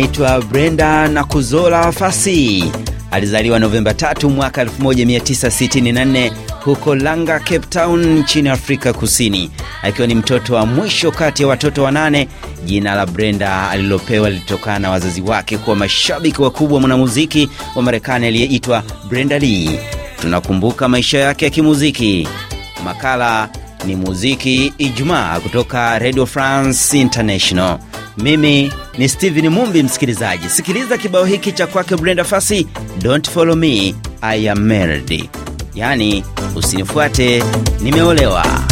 anaitwa Brenda kuzola Fasi. Alizaliwa Novemba 3 mwaka 1964 huko Langa, Cape Town nchini Afrika Kusini, akiwa ni mtoto wa mwisho kati ya watoto wanane. Jina la Brenda alilopewa lilitokana na wazazi wake kuwa mashabiki wakubwa wa mwanamuziki wa Marekani aliyeitwa Brenda Lee. Tunakumbuka maisha yake ya kimuziki. Makala ni muziki Ijumaa kutoka Radio France International. Mimi ni stephen Mumbi. Msikilizaji, sikiliza kibao hiki cha kwake Brenda fasi don't follow me I am married, yani usinifuate nimeolewa.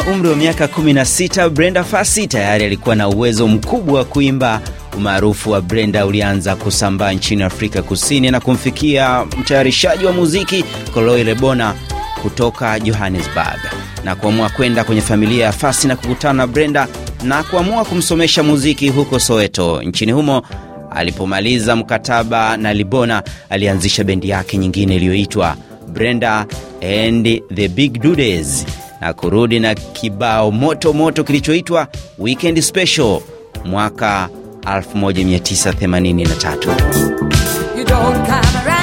na umri wa miaka 16, Brenda fasi tayari alikuwa na uwezo mkubwa wa kuimba. Umaarufu wa Brenda ulianza kusambaa nchini Afrika Kusini na kumfikia mtayarishaji wa muziki coloi Lebona kutoka Johannesburg na kuamua kwenda kwenye familia ya fasi na kukutana na Brenda na kuamua kumsomesha muziki huko Soweto nchini humo. Alipomaliza mkataba na Libona, alianzisha bendi yake nyingine iliyoitwa Brenda and the Big Dudes na kurudi na kibao moto moto kilichoitwa Weekend Special mwaka 1983.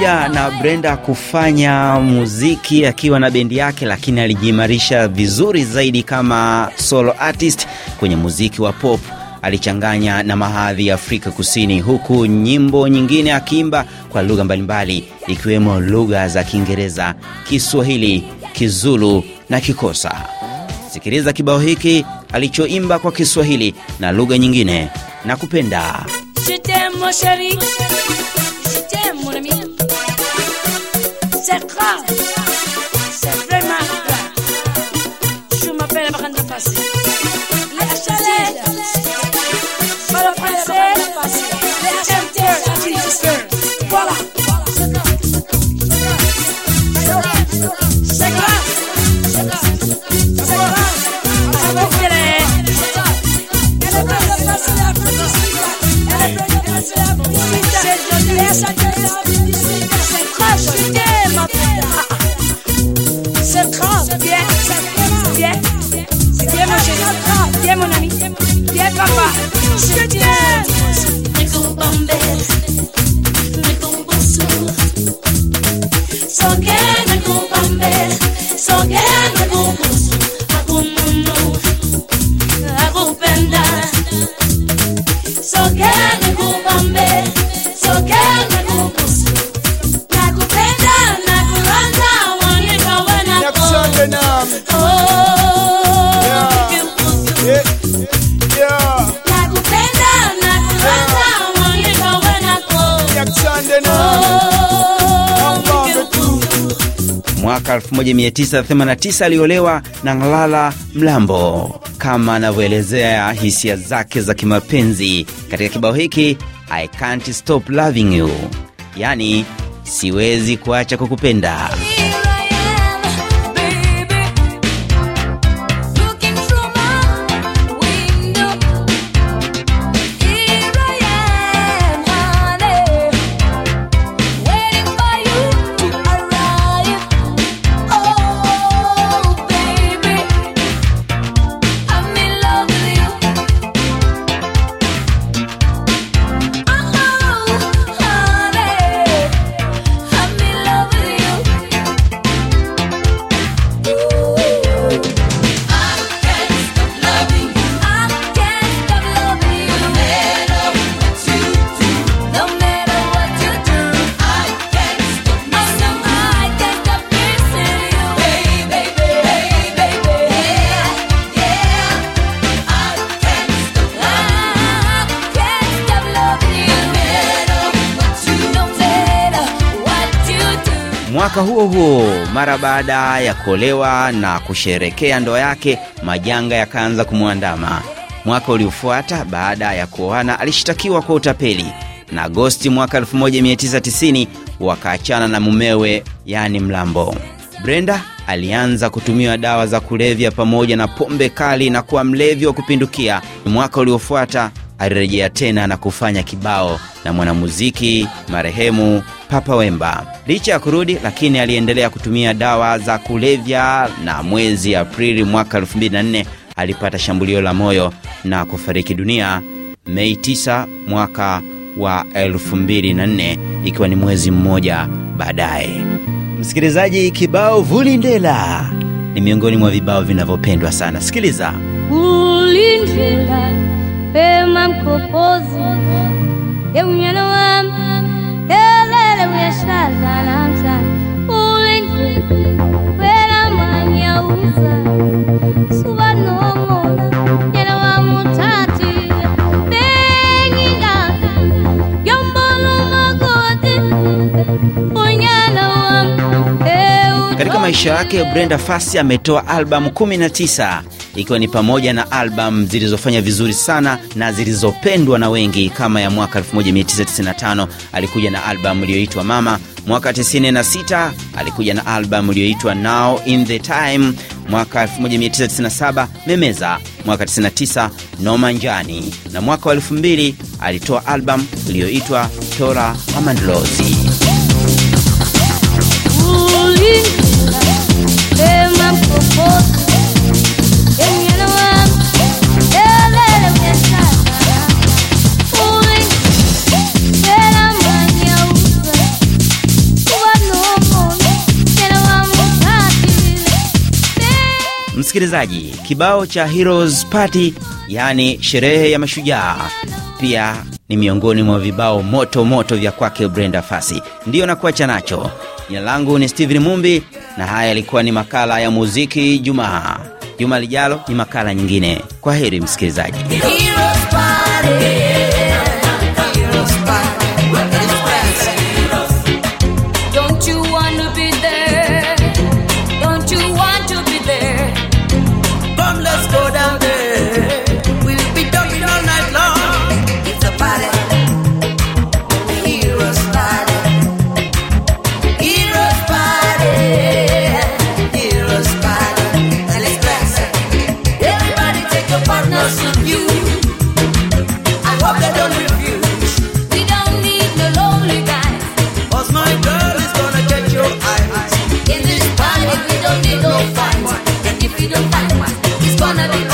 pamoja na Brenda kufanya muziki akiwa na bendi yake, lakini alijiimarisha vizuri zaidi kama solo artist kwenye muziki wa pop. Alichanganya na mahadhi ya Afrika Kusini, huku nyimbo nyingine akiimba kwa lugha mbalimbali ikiwemo lugha za Kiingereza, Kiswahili, Kizulu na Kikosa. Sikiliza kibao hiki alichoimba kwa Kiswahili na lugha nyingine na kupenda It's a 再见。mwaka 1989 aliolewa na Ngalala Mlambo, kama anavyoelezea hisia zake za kimapenzi katika kibao hiki I can't stop loving you, yani siwezi kuacha kukupenda. Mwaka huo huo, mara baada ya kuolewa na kusherekea ndoa yake, majanga yakaanza kumwandama. Mwaka uliofuata baada ya kuoana, alishitakiwa kwa utapeli na Agosti mwaka 1990 wakaachana na mumewe, yani Mlambo. Brenda alianza kutumia dawa za kulevya pamoja na pombe kali na kuwa mlevi wa kupindukia. Mwaka uliofuata alirejea tena na kufanya kibao na mwanamuziki marehemu Papa Wemba. Licha ya kurudi, lakini aliendelea kutumia dawa za kulevya na mwezi Aprili mwaka 24 alipata shambulio la moyo na kufariki dunia Mei 9 mwaka wa 24 ikiwa ni mwezi mmoja baadaye. Msikilizaji, kibao Vulindela ni miongoni mwa vibao vinavyopendwa sana. Sikiliza Vulindela. Pemam Kelele mutati Katika maisha yake Brenda Fassie ametoa albamu 19 ikiwa ni pamoja na albam zilizofanya vizuri sana na zilizopendwa na wengi kama ya mwaka 1995 alikuja na albamu iliyoitwa Mama. Mwaka 96 alikuja na albam iliyoitwa Now in the Time. Mwaka 1997 Memeza. Mwaka 99 Noma Njani, na mwaka wa 2000 alitoa albam iliyoitwa Tora Amandlozi. msikilizaji, kibao cha Heroes Party, yaani sherehe ya mashujaa, pia ni miongoni mwa vibao moto moto vya kwake Brenda Fasi. Ndiyo nakuacha nacho. Jina langu ni stephen Mumbi na haya yalikuwa ni makala ya muziki Jumaa. Juma lijalo ni makala nyingine. Kwa heri msikilizaji. It's gonna be